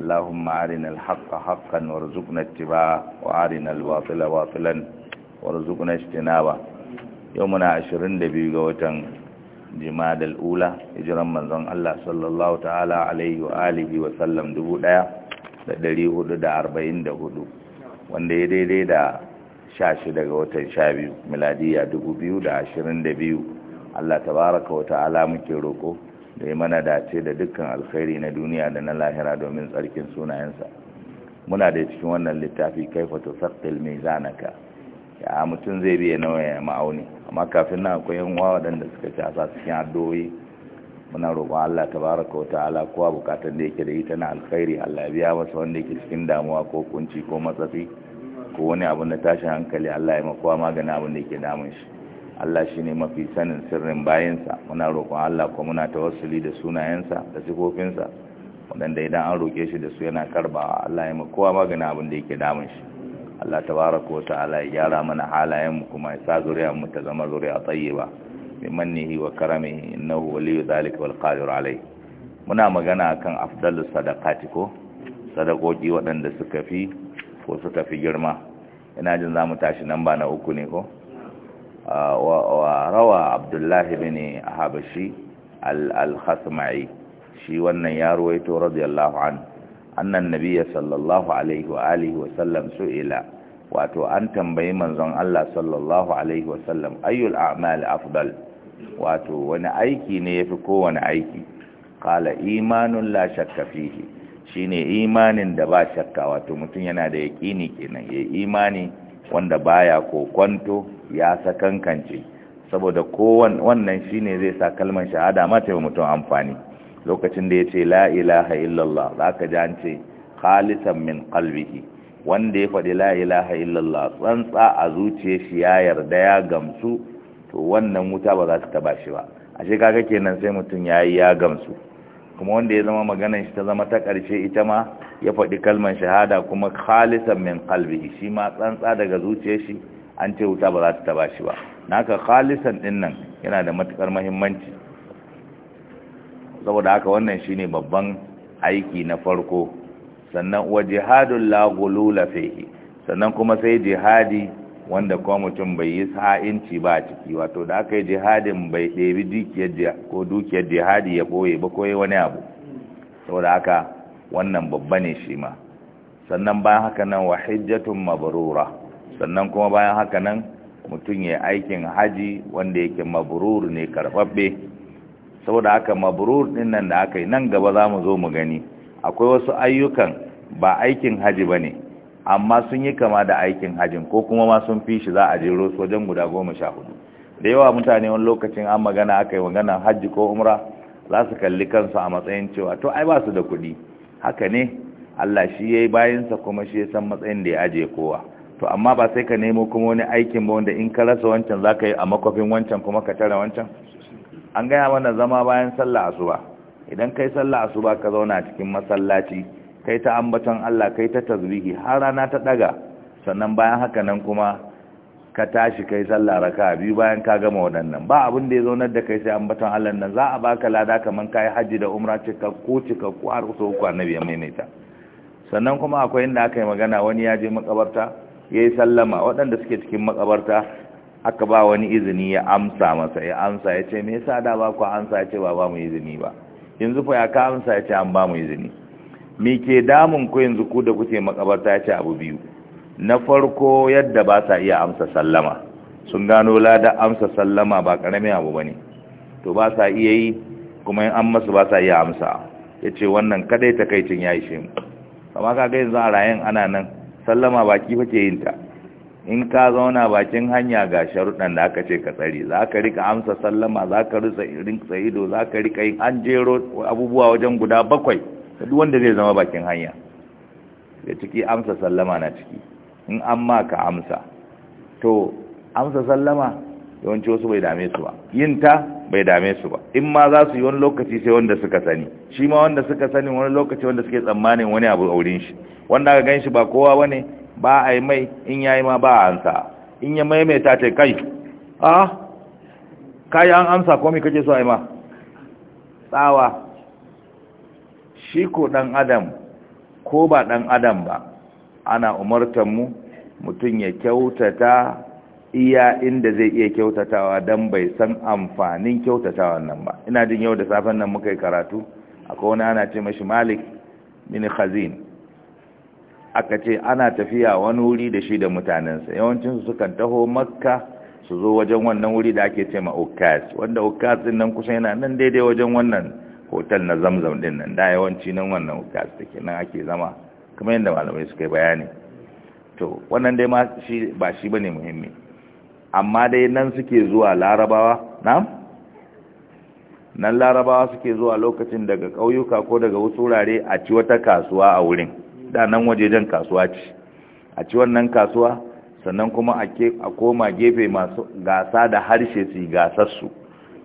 اللهم أرنا الحق حقا ورزقنا اتباع وأرنا الواطل واطلا ورزقنا اجتنابا يومنا عشرين دبي قوتن جماد الأولى إجرام من ظن الله صلى الله تعالى عليه وآله وسلم دبو دا da ɗari hudu da arba'in da hudu دي دي daidai da sha shi daga watan sha biyu miladiya dubu biyu da ashirin da biyu Allah da ya mana dace da dukkan alkhairi na duniya da na lahira domin tsarkin sunayensa muna da cikin wannan littafi kaifa tusaqqil mizanaka ya mutum zai biya nawa ya ma'auni amma kafin nan akwai yan waɗanda suka ci asa cikin addu'o'i muna roƙo Allah tabaraka wa ta'ala kowa bukatun da yake da ita na alkhairi Allah ya biya masa wanda yake cikin damuwa ko kunci ko matsafi ko wani abu na tashin hankali Allah ya makowa maganin abin da yake damun shi Allah shi ne mafi sanin sirrin bayansa muna roƙon Allah ko muna ta wasuli da sunayensa da sifofinsa waɗanda idan an roƙe shi da su yana karbawa Allah ya kowa magana abin da yake damun shi Allah tabaraka wa ta'ala ya gyara mana halayenmu kuma ya sa zuriyar mu ta zama zuriya tayyiba bi mannihi wa karamihi innahu waliyyu dhalika wal qadir alayh muna magana akan afdalus sadaqati ko sadakoki waɗanda suka fi ko suka fi girma ina jin za mu tashi nan ba na uku ne ko وروى عبد الله بن حبشي الخصمعي شي wannan ya ruwaito radiyallahu an sallallahu alaihi wa wa sallam su'ila wato an tambayi manzon Allah sallallahu alaihi wa sallam ayyul a'mal afdal wato wani aiki ne yafi kowane aiki qala imanun la shakka fihi shine imanin da ba shakka wato mutum yana da yaqini imani wanda baya kwanto ya sakankance saboda kowan wannan shine zai sa kalmar shahada mata ta mutum amfani lokacin da ya ce la ilaha illallah za ji an ce khalisan min qalbihi wanda ya faɗi la ilaha illallah tsantsa a zuciyar shi ya yarda ya gamsu to wannan wuta ba za su taba shi ba ashe kaga kenan sai mutum ya yi ya gamsu kuma wanda ya zama magana shi ta zama ta ƙarshe ita ma ya faɗi kalmar shahada kuma khalisan min qalbihi shi ma tsantsa daga zuciyar shi an ce wuta ba za ta taba shi ba naka khalisan din nan yana da matukar muhimmanci saboda haka wannan shine babban aiki na farko sannan wa jihadul la ghulula sannan kuma sai jihadi wanda kuma mutum bai yi sa'inci ba a ciki wato da aka yi jihadin bai ɗebi dukiyar jihadi ya ɓoye ba koyi wani abu saboda haka wannan babba ne shi ma sannan bayan haka nan wa hijjatun mabrura sannan kuma bayan haka nan mutum ya aikin haji wanda yake mabrur ne karɓaɓɓe saboda haka mabrur ɗin nan da aka yi nan gaba za mu zo mu gani akwai wasu ayyukan ba aikin haji ba ne amma sun yi kama da aikin hajjin ko kuma ma sun fi shi za a jero su wajen guda goma sha hudu da yawa mutane wani lokacin an magana aka yi maganar hajji ko umra za su kalli kansu a matsayin cewa to ai ba su da kuɗi haka ne Allah shi ya yi bayansa kuma shi ya san matsayin da ya ajiye kowa to amma ba sai ka nemo kuma wani aikin ba wanda in ka rasa wancan za ka yi a makwafin wancan kuma ka tara wancan an gaya mana zama bayan sallah asuba idan kai sallah asuba ka zauna cikin masallaci kai ta ambaton Allah kai ta tasbihi har rana ta daga sannan bayan haka nan kuma ka tashi kai sallah raka biyu bayan ka gama wadannan ba abin da ya zaunar da kai sai ambaton Allah nan za a baka lada kaman kai haji da umra cikakku cikakku har so uku annabi ya maimaita sannan kuma akwai inda aka yi magana wani ya je makabarta ya yi sallama waɗanda suke cikin makabarta aka ba wani izini ya amsa masa ya amsa ya ce me yasa da ba ku amsa ya ce ba ba mu izini ba yanzu fa ya ka amsa ya ce an ba mu izini me ke damun ku yanzu ku da kuke makabarta ya ce abu biyu na farko yadda ba sa iya amsa sallama sun gano lada amsa sallama ba karamin abu bane to ba sa iya yi kuma in an masu ba sa iya amsa yace wannan kadai takaicin ya ishe mu amma kaga yanzu a rayan ana nan sallama baki fa yin ta in ka zauna bakin hanya ga sharuɗan da aka ce ka tsari za ka rika amsa sallama za ka rika ido za ka rika yin an jero abubuwa wajen guda bakwai ta duk wanda zai zama bakin hanya da ciki amsa sallama na ciki in an ma ka amsa to amsa sallama yawanci wasu bai dame su ba yin ta bai dame su ba in ma za su yi wani lokaci sai wanda suka sani shi ma wanda suka sani wani lokaci wanda suke tsammanin wani abu aurin shi wanda aka ganshi ba kowa bane ba a yi mai in ya yi ma ba a ansa in ya maimaita ce kai a ah, kayi an amsa komi kake so a yi ma tsawa shi ko ɗan adam ko ba ɗan adam ba ana umartanmu mutum ya kyautata iya inda zai iya kyautatawa don bai san amfanin kyautatawa nan ba ina jin yau da safen nan muka yi karatu a wani ana ce mashi malik mini khazin aka ce ana tafiya wani wuri da shi da mutanensa yawancinsu sukan taho makka su zo wajen wannan wuri da ake ce ma wanda okas din nan kusa yana nan daidai wajen wannan hotel na zamzam din nan da yawanci nan wannan hotel take nan ake zama kamar yadda malamai suka yi bayani to wannan dai ma shi ba shi bane muhimmi amma dai nan suke zuwa larabawa na'am nan larabawa suke zuwa lokacin daga ƙauyuka ko daga wasu wurare a ci wata kasuwa a wurin da nan waje jan kasuwa ce a ci wannan kasuwa sannan kuma a koma gefe masu gasa da harshe su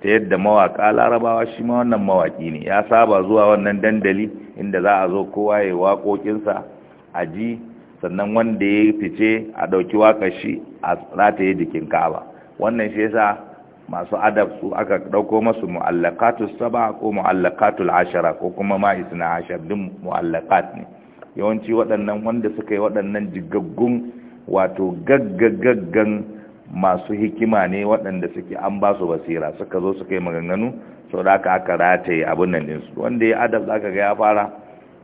ta yadda mawaka larabawa shi ma wannan mawaki ne ya saba zuwa wannan dandali inda za a zo kowa ya waƙoƙinsa a ji sannan wanda ya fice a ɗauki waƙar shi a rataye jikin kaba wannan shi yasa masu adab su aka ɗauko masu mu'allaqatus saba ko mu'allaqatul ashara ko kuma ma isna ashar din mu'allakat ne yawanci waɗannan wanda suka yi waɗannan jigaggun wato gaggagaggan masu hikima ne waɗanda suke an ba su basira suka zo suka yi maganganu sau da aka aka rataye abin nan ɗinsu wanda ya adab za ka ga ya fara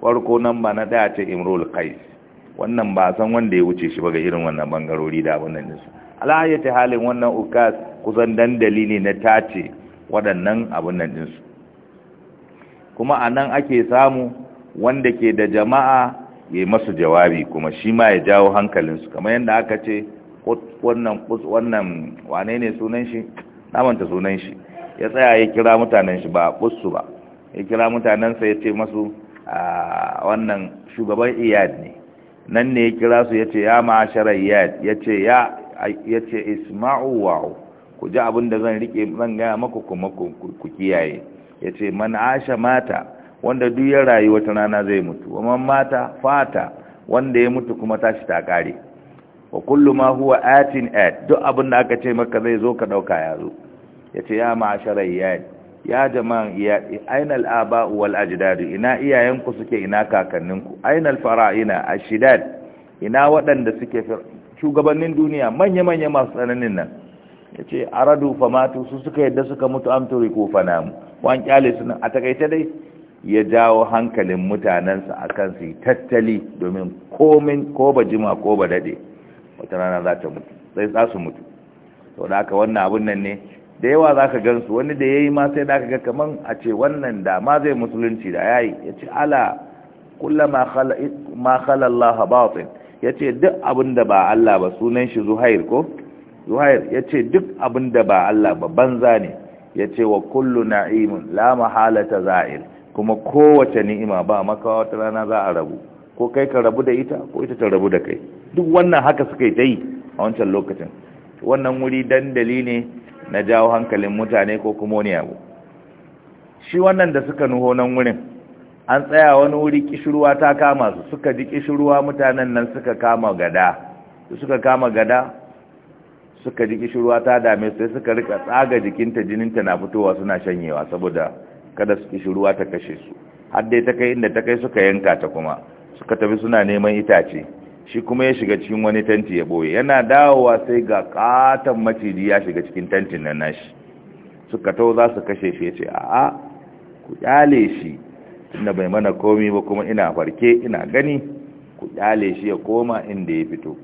farko nan ba na ɗaya ce imrul kais wannan ba san wanda ya wuce shi ba ga irin wannan bangarori da abin nan ɗinsu alayyati halin wannan ukas kusan dandali ne na tace waɗannan abin nan ɗinsu kuma a nan ake samu wanda ke da jama'a ya masu jawabi kuma shi ma ya jawo hankalinsu kamar yadda aka ce wannan wannan wane ne sunan shi namanta sunan shi ya tsaya ya kira mutanen shi ba kusu ba ya kira mutanensa ya ce masu a wannan shugaban iyad ne nan ne ya kira su ya ce ya ma'ashara iyad ya ce ya ce isma'u wa'u ku ji abin da zan rike zan gaya maku kuma ku kiyaye ya ce man asha mata wanda duk ya rayu wata rana zai mutu wa mata fata wanda ya mutu kuma tashi ta kare wa kullu ma huwa atin at duk abin da aka ce maka zai zo ka dauka ya zo yace ya ma'ashara iyali ya jama'an iyad aina al-aba wal ajdad ina iyayenku suke ina kakanninku aina al-fara'ina ashidad ina waɗanda suke shugabannin duniya manya manya masu tsananin nan yace aradu famatu su suka yadda suka mutu amturi ko fanam wan kyale sunan a takaice dai ya jawo hankalin mutanensa akan su tattali domin komin ko ba jima ko ba dade wata rana za ta mutu sai za su mutu to da aka wannan abun nan ne da yawa za ka gansu wani da ya yi ma sai da aka ga kaman a ce wannan da ma zai musulunci da ya yi ya ce ala kula ma khalallaha batin ya ce duk abin da ba Allah ba sunan shi zuhair ko zuhair ya ce duk abin da ba Allah ba banza ne ya ce wa kullu na'imun la mahalata za'il kuma kowace ni'ima ba makawa wata rana za a rabu ko kai ka rabu da ita ko ita ta rabu da kai duk wannan haka suka yi ta yi a wancan lokacin wannan wuri dandali ne na jawo hankalin mutane ko kuma wani abu shi wannan da suka nuho nan wurin an tsaya wani wuri kishirwa ta kama su suka ji kishirwa mutanen nan suka kama gada suka kama gada suka ji kishirwa ta dame sai suka rika tsaga jikinta jininta na fitowa suna shanyewa saboda kada su kishirwa ta kashe su har dai ta kai inda ta kai suka yanka ta kuma suka tafi suna neman itace shi kuma ya shiga cikin wani tanti ya boye yana dawowa sai ga katon maciji ya shiga cikin tantin nan nashi suka tau za su kashe shi ya ce a'a ku kyale shi tunda bai mana komi ba kuma ina farke ina gani ku kyale shi ya koma inda ya fito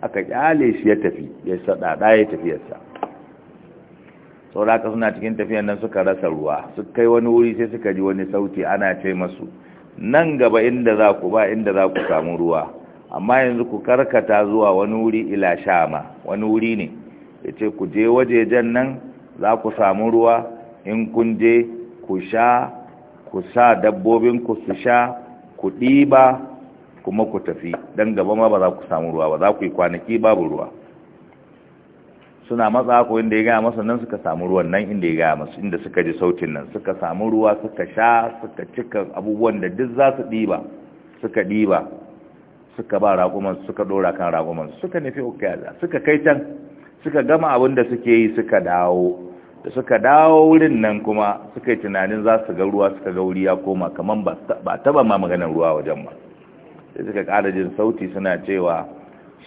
aka kyale shi ya tafi ya sadada ya tafiyarsa sauraka suna cikin tafiyan nan suka rasa ruwa su kai wani wuri sai suka ji wani sauti ana ce masu nan gaba inda za ku ba inda za ku samu ruwa amma yanzu ku karkata zuwa wani wuri ila shama wani wuri ne ya ce ku je wajejen nan za ku samu ruwa in kun je ku sha ku sa dabbobinku su sha ku ba kuma ku tafi don gaba ma ba za ku samu ruwa ba za ku yi kwanaki babu ruwa suna matsa ko inda ya gaya masa nan suka samu ruwan nan inda ya gaya masa inda suka ji sautin nan suka samu ruwa suka sha suka cika abubuwan da duk za su ɗiba suka ɗiba suka ba raƙuman suka ɗora kan raƙuman suka nufi ukiyaza suka kai can suka gama abin da suke yi suka dawo da suka dawo wurin nan kuma suka yi tunanin za su ga ruwa suka ga wuri ya koma kamar ba taba ma maganar ruwa wajen ba sai suka ƙara jin sauti suna cewa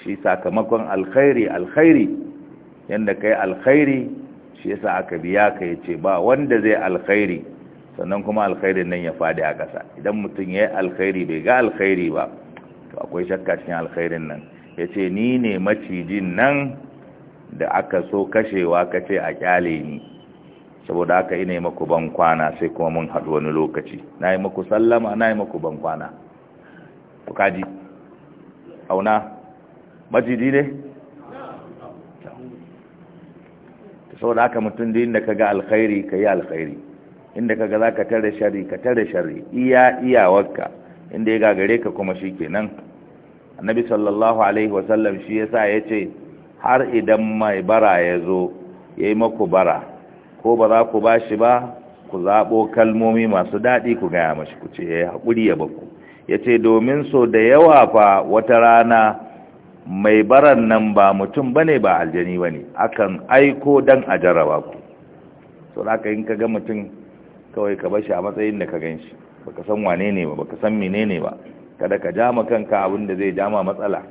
shi sakamakon alkhairi alkhairi yanda kai alkhairi shi yasa aka biya ka yace ba wanda zai alkhairi sannan kuma alkhairin nan ya fadi a ƙasa idan mutum ya yi alkhairi bai ga alkhairi ba to akwai shakka cikin alkhairin nan ce ni ne macijin nan da aka so kashewa kace a kyale ni saboda aka ina maku ban kwana sai kuma mun haɗu wani lokaci na yi maku sallama na yi maku ban kwana kaji auna macijin ne saboda haka mutum da inda ga alkhairi ka yi alkhairi inda ka ga za ka tare shari ka tare shari iya iyawarka inda ya gagare ka kuma shi kenan annabi sallallahu alaihi wasallam shi ya sa ya ce har idan mai bara ya zo ya yi maku bara ko ba za ku ba shi ba ku zaɓo kalmomi masu daɗi ku gaya mashi ku ce ya eh, haƙuri ya baku ya ce domin so da yawa fa wata rana mai baran nan ba mutum bane ba aljani bane akan aiko dan a jarraba ku so yi in kaga mutum kawai ka bashi a matsayin da ka ganshi baka san wane ne ba baka san menene ba kada ka jama kanka abin da zai jama matsala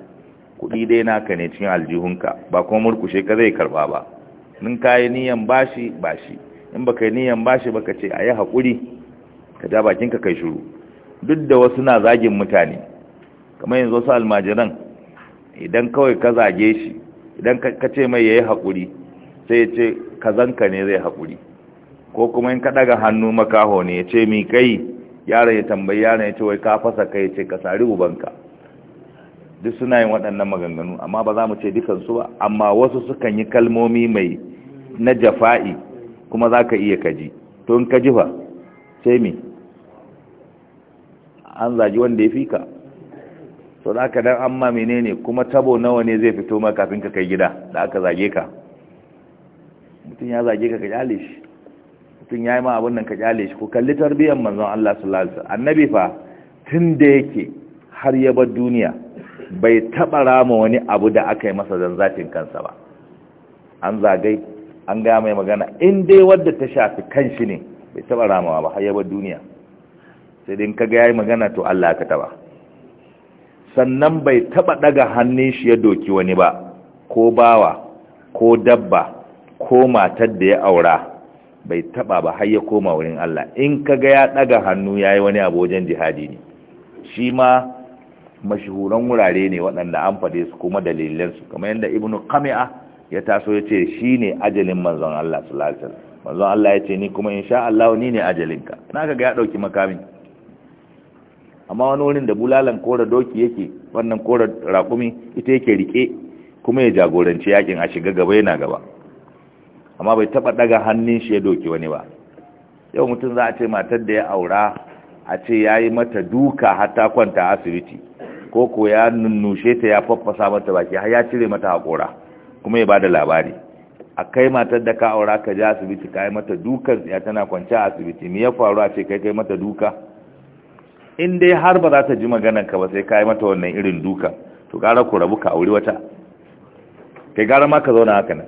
kuɗi dai naka ne cikin aljihunka ba kuma murkushe ka zai karba ba in ka yi niyan bashi bashi in ka yi niyan bashi ka ce a yi haƙuri ka ja bakinka kai shuru duk da wasu na zagin mutane kamar yanzu wasu almajiran idan kawai ka zage shi idan ka ce mai ya yi haƙuri, sai ya ce kazanka ne zai haƙuri. ko kuma in ka daga hannu makaho ne ya ce mi kai yaron ya tambayi yaron ya ce wai ka fasa kai ya ce ka sari ubanka duk suna yin waɗannan maganganu amma ba za mu ce dukansu ba amma wasu sukan yi kalmomi mai na jafa'i kuma za ka iya kaji to in ji fa sai mi an zaji wanda ya fi ka so da aka dan amma menene kuma tabo nawa ne zai fito ma kafin ka kai gida da aka zage ka mutum ya zage ka ka kyale shi mutum ya yi ma abin nan ka kyale shi ko kalli tarbiyyar manzon Allah sallallahu alaihi wasallam annabi fa tun da yake har ya bar duniya bai taba rama wani abu da aka yi masa zanzatin kansa ba an zagai an ga mai magana in dai wadda ta shafi kanshi ne bai taba ramawa ba har ya bar duniya sai dai in kaga yayi magana to Allah ka taba sannan bai taba daga hannun shi ya doki wani ba ko bawa ko dabba ko matar da ya aura bai taba ba har ya koma wurin Allah in kaga ya daga hannu yayi wani abu wajen jihadi ne shi ma mashhuran wurare ne waɗanda an fade su kuma dalilansu kamar yadda ibnu qami'a ya taso ya ce shi ajalin manzon Allah sallallahu alaihi wasallam manzon Allah ya ce ni kuma insha Allah ni ne ajalinka na kaga ya dauki makamin amma wani wurin da bulalan kora doki yake wannan kora rakumi ita yake rike kuma ya jagoranci yakin a shiga gaba yana gaba amma bai taba daga hannun shi ya doki wani ba yau mutum za a ce matar da ya aura a ce ya yi mata duka har kwanta asibiti ko ko ya nunnushe ta ya faffasa mata baki har ya cire mata haƙora kuma ya bada labari a kai matar da ka aura ka je asibiti ka yi mata dukan ya tana kwanci a asibiti me ya faru a ce kai kai mata duka in dai har ba za ta ji maganar ka ba sai ka yi mata wannan irin duka to gara ku rabu ka aure wata kai gara ma ka zauna haka nan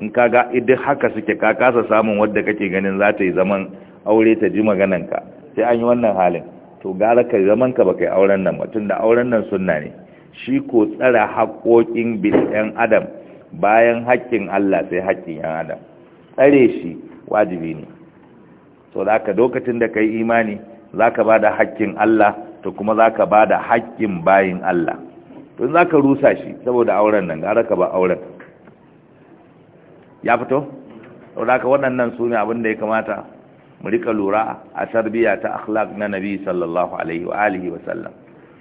in ka ga idan haka suke ka kasa samun wadda kake ganin za ta yi zaman aure ta ji maganar sai an yi wannan halin to gara ka zaman ka ba kai auren nan ba tunda auren nan sunna ne shi ko tsara haƙoƙin bil'an adam bayan haƙƙin Allah sai haƙƙin yan adam tsare shi wajibi ne to da aka lokacin da kai imani Za ka ba da haƙƙin Allah to kuma za ka ba da haƙƙin bayin Allah to ka rusa shi saboda auren nan gara ka ba auren ya fito saboda ka waɗannan su ne abin da ya kamata mu rika lura a tarbiyya ta akhlaq na nabi sallallahu alaihi wa alihi wa sallam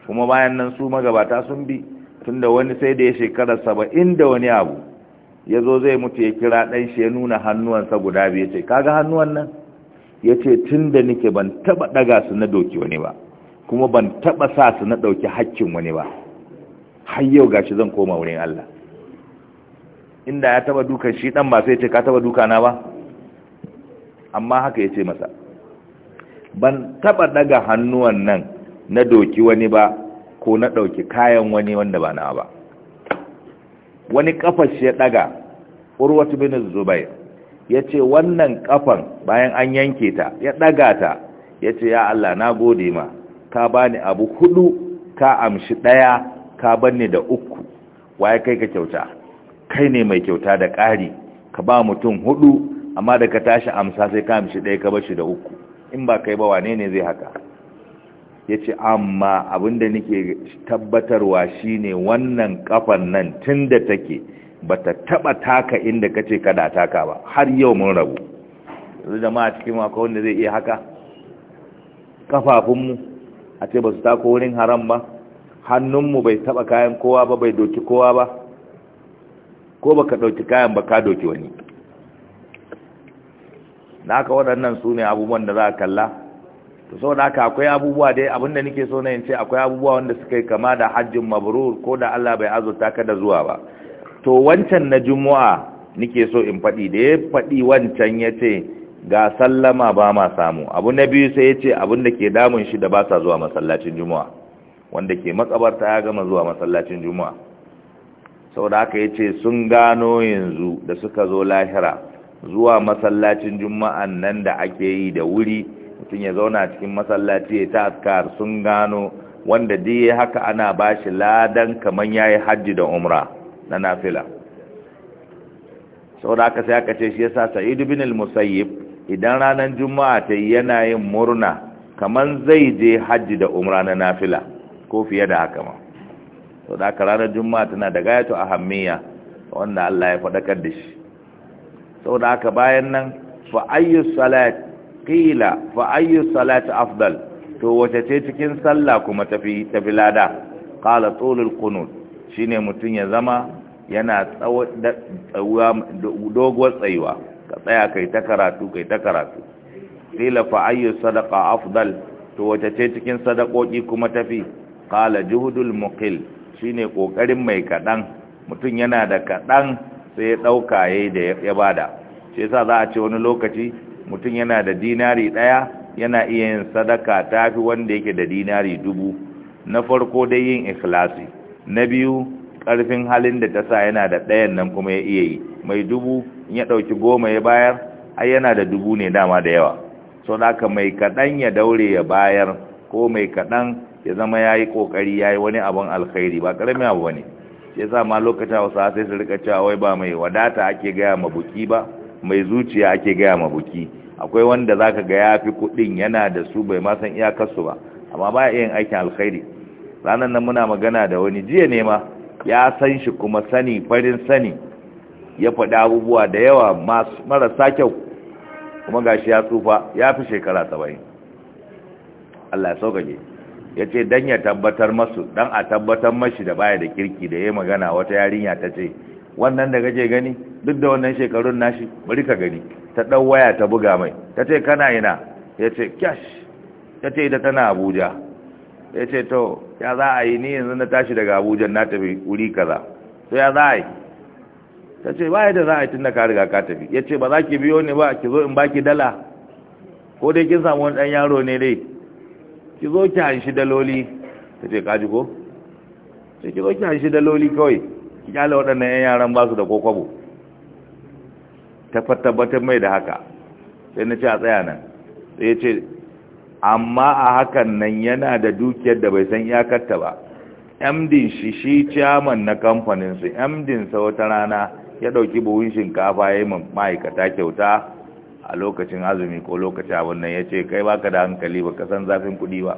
kuma bayan nan su magabata sun bi tunda wani sai da ya shekara saba'in da wani abu ya zo zai mutu ya kira ɗan shi ya nuna hannuwansa guda biyu ce kaga hannuwan nan ya ce tun da nike ban taba daga su na doki wani ba kuma ban taba sa su na dauki hakkin wani ba har yau gashi zan koma wurin Allah inda ya taba dukan shi dan ba sai ce ka taba dukana ba amma haka ya ce masa ban taba ɗaga hannuwan nan na doki wani ba ko na dauki kayan wani wanda ba na ba wani kafar shi ya daga urwatu bin zubair ya ce wannan kafan bayan an yanke ta ya ɗaga ta ya ce ya Allah na gode ma ka bani abu hudu ka amshi ɗaya ka banne da uku waye kai ka kyauta kai ne mai kyauta da ƙari ka ba mutum hudu amma da ka tashi amsa sai ka amshi ɗaya ka bashi da uku in ba kai ba wane ne zai haka ya ce amma abinda nake tabbatarwa shine wannan kafan nan tun da take ba ta taba taka inda ka ce kada taka ba har yau mun rabu yanzu jama'a cikin maka wanda zai iya haka kafafunmu a ce ba su tako wurin haram ba hannunmu bai taba kayan kowa ba bai doki kowa ba ko ba ka dauki kayan ba ka doki wani na haka waɗannan su ne abubuwan da za a kalla to sau da haka akwai abubuwa dai abinda nake so na yin ce akwai abubuwa wanda suka yi kama da hajjin mabrur ko da Allah bai azurta ka da zuwa ba to wancan na juma'a nike so in faɗi da ya faɗi wancan ya ce ga sallama ba ma samu abu na biyu sai ya ce abin da ke damun shi da ba sa zuwa masallacin juma'a wanda ke makabarta ya gama zuwa masallacin juma'a sau da aka ce sun gano yanzu da suka zo lahira zuwa masallacin juma'a nan da ake yi da wuri mutum ya zauna cikin masallaci ya ta askar sun gano wanda diye haka ana ba shi ladan kamar ya yi hajji da umra na nafila saboda aka sai aka ce shi yasa Sa'id ibn al-Musayyib idan ranar juma'a ta yana yin murna kaman zai je hajji da umra na nafila ko fiye da haka ma saboda aka ranar juma'a tana da gayatu ahammiya wanda Allah ya faɗakar da shi saboda haka bayan nan fa ayyu salat qila fa ayyu salat afdal to wace ce cikin sallah kuma tafi tafi lada qala tulul qunut shine mutun ya zama yana doguwar tsayuwa ka tsaya kai ta karatu kai ta karatu sila fa ayyu sadaqa afdal to wace ce cikin sadakoki kuma tafi qala juhudul muqil shine kokarin mai kadan mutun yana da kadan sai ya dauka yayi da ya bada sai sa za a ce wani lokaci mutun yana da dinari daya yana iya yin sadaka tafi wanda yake da dinari dubu na farko dai yin ikhlasi na biyu ƙarfin halin da ta sa yana da ɗayan nan kuma ya iya yi mai dubu in ya ɗauki goma ya bayar ai yana da dubu ne dama da yawa so haka mai kaɗan ya daure ya bayar ko mai kaɗan ya zama ya yi ƙoƙari ya yi wani abin alkhairi ba ƙaramin abu wani ya sa ma lokacin hausa sai su rika cewa wai ba mai wadata ake gaya ma buki ba mai zuciya ake gaya ma buki akwai wanda zaka ga ya fi kuɗin yana da su bai ma san iyakarsu ba amma ba yin aikin alkhairi ranar nan muna magana da wani jiya ne ma ya san shi kuma sani farin sani ya faɗi abubuwa da yawa marasa kyau kuma ga shi ya tsufa ya fi shekara saba'in Allah ya saukake ya ce don ya tabbatar masu don a tabbatar mashi da baya da kirki da ya magana wata yarinya ta ce wannan da gaje gani duk da wannan shekarun nashi bari ka gani ta ɗan waya ta buga mai ta ce kana yana ya ce kyash ta ce ita tana abuja ya ce to ya za a yi ni yanzu na tashi daga abuja na tafi wuri kaza to ya za a yi ta ce baya da za a yi tun da ka riga ka tafi ya ce ba za ki biyo ni ba ki zo in baki dala ko dai kin samu wani ɗan yaro ne dai ki zo ki hanshi daloli ta ce kaji ko sai ki zo ki hanshi daloli kawai ki kyale waɗannan 'yan yaran ba su da kokwabo ta tabbatar mai da haka sai na ce a tsaya nan sai ya ce amma a hakan nan yana da dukiyar da bai san iyakarta ba mdin shi shi chairman na kamfaninsu mdin sa wata rana ya ɗauki buhun shinkafa ya yi ma'aikata kyauta a lokacin azumi ko lokacin abin nan ya ce kai baka da hankali ba ka san zafin kuɗi ba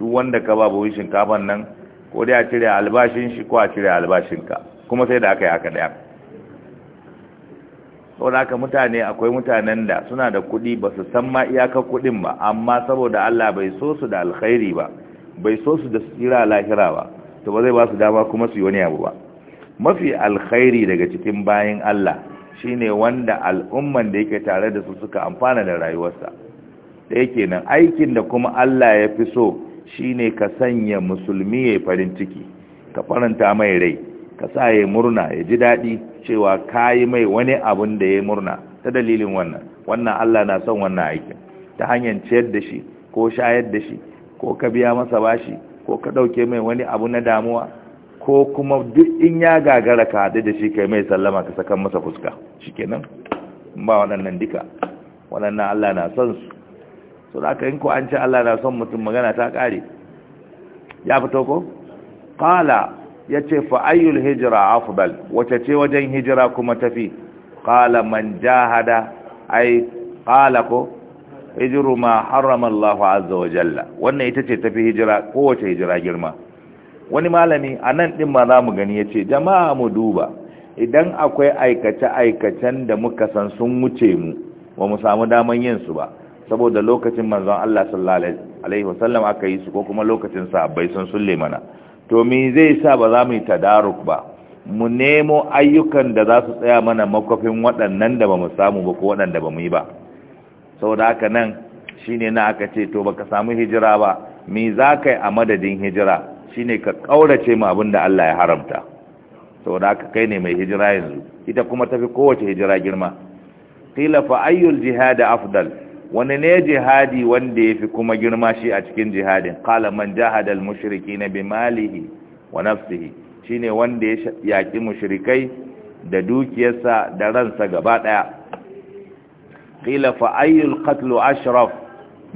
duk wanda ka ba buhun shinkafan nan ko dai a cire albashin shi ko a cire albashin ka kuma sai da aka yi haka ɗaya saboda haka mutane akwai mutanen da suna da kuɗi ba su san ma iyakar kuɗin ba amma saboda Allah bai so su da alkhairi ba bai so su da tsira lahira ba to ba zai ba su dama kuma su yi wani abu ba mafi alkhairi daga cikin bayan Allah shine wanda al'umman da yake tare da su suka amfana da rayuwarsa da yake nan aikin da kuma Allah ya fi so shine ka sanya musulmi ya farin ciki ka faranta mai rai ka sa ya murna ya ji daɗi cewa ka yi mai wani abin da ya murna ta dalilin wannan wannan Allah na son wannan aikin ta hanyar ciyar da shi ko shayar da shi ko ka biya masa bashi ko ka ɗauke mai wani abu na damuwa ko kuma duk in ya gagara ka haɗu da shi kai mai sallama ka sakan masa fuska kenan ba waɗannan duka waɗannan Allah na son su so da aka yin ko an ce Allah na son mutum magana ta ƙare ya fito ko kala. ya ce fa'ayyul hijira afdal wace ce wajen hijira kuma tafi ƙala man jahada ai ƙala ko hijiru ma haramun Allah azza wa jalla wannan ita ce tafi hijira kowace hijira girma wani malami a nan ɗin ma za mu gani ya ce jama'a mu duba idan akwai aikace-aikacen da muka san sun wuce mu ba mu samu daman yin su ba saboda lokacin manzon Allah sallallahu alaihi wasallam aka yi su ko kuma lokacin sahabbai sun sulle mana to me zai sa ba za mu yi tadaruk ba mu nemo ayyukan da za su tsaya mana makwafin waɗannan da ba mu samu ba ko waɗanda ba mu yi ba saboda haka nan shine na aka ce to baka samu hijira ba me za ka yi a madadin hijira shine ka ƙaurace mu abin da Allah ya haramta saboda haka kai ne mai hijira yanzu ita kuma tafi kowace hijira girma qila fa ayyul jihad afdal wani ne jihadi wanda ya fi kuma girma shi a cikin jihadin kala man mushiriki na mushrikeena bimalihi wa nafsihi shi ne wanda ya yaƙi mushrikai da dukiyarsa da ransa gaba ɗaya ƙila fa'ayyul katlu ashraf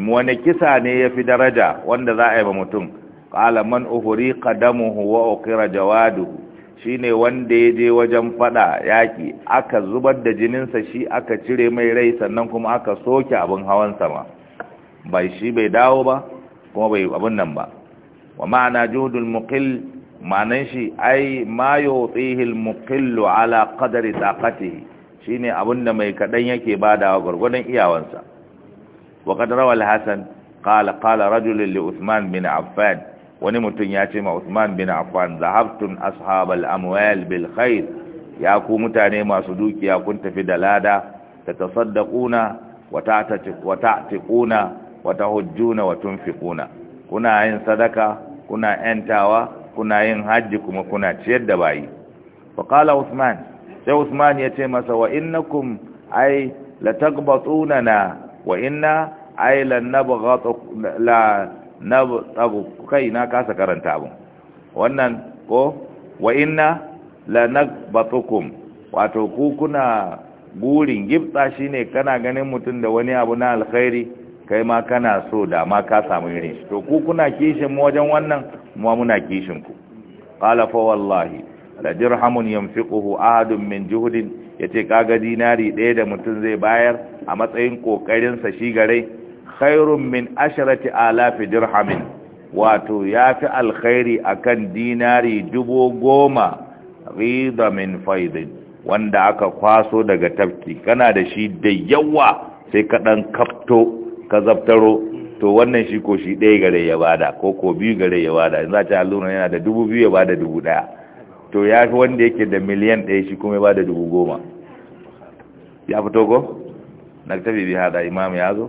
wani kisa ne ya fi daraja wanda za a yi ba mutum qala man uhuri damuhu wa uqira jawaduhu Shi ne wanda ya je wajen fada yaƙi, aka zubar da jininsa shi aka cire mai rai sannan kuma aka soke abin hawan sama bai shi bai dawo ba kuma bai abin nan ba wa ma'ana juhudul muqil manan shi ai ma yutihi al muqillu ala qadri taqatihi shine abin da mai kadan yake badawa gurgurdan iyawansa wa Hassan rawal hasan qala qala rajulun li uthman bin affan wani mutum ya ce ma Usman bin Affan zahabtun ashabal amwal bil khair ya ku mutane masu dukiya kun tafi da lada tatasaddaquna wa ta'tiquna wa tahujjuna wa tunfiquna kuna yin sadaka kuna yantawa kuna yin hajji kuma kuna ciyar da bayi fa qala Usman sai Usman ya ce masa wa innakum ay lataqbatunana wa inna ay lan nabghatu la na tsago kai na kasa karanta abin wannan ko wa inna lanagbatukum wato ku kuna burin gibta shine kana ganin mutum da wani abu na alkhairi kai ma kana so da ma ka samu irin shi to ku kuna kishin mu wajen wannan mu muna kishin ku qala fa wallahi la dirhamun yanfiquhu ahadun min juhdin yace kaga dinari ɗaya da mutum zai bayar a matsayin kokarin sa shi gare khairun min asharati alafi dirhamin wato ya fi alkhairi akan dinari dubu goma rida min faidin wanda aka kwaso daga tafki kana da shi da yawa sai ka ɗan kafto ka zaftaro to wannan shi ko shi ɗaya gare ya bada ko ko biyu gare ya bada in za ta allura yana da dubu biyu ya bada dubu ɗaya to ya fi wanda yake da miliyan ɗaya shi kuma ya bada dubu goma ya fito ko na tafi bi hada imam ya zo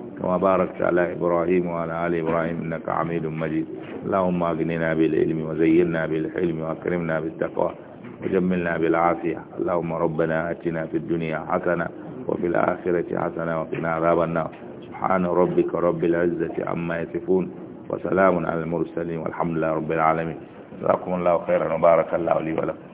كما باركت على إبراهيم وعلى آل إبراهيم إنك حميد مجيد اللهم أغننا بالعلم وزينا بالحلم وأكرمنا بالتقوى وجملنا بالعافية اللهم ربنا أتنا في الدنيا حسنة وفي الآخرة حسنة وقنا عذاب النار سبحان ربك رب العزة عما يصفون وسلام على المرسلين والحمد لله رب العالمين جزاكم الله خيرا وبارك الله لي ولكم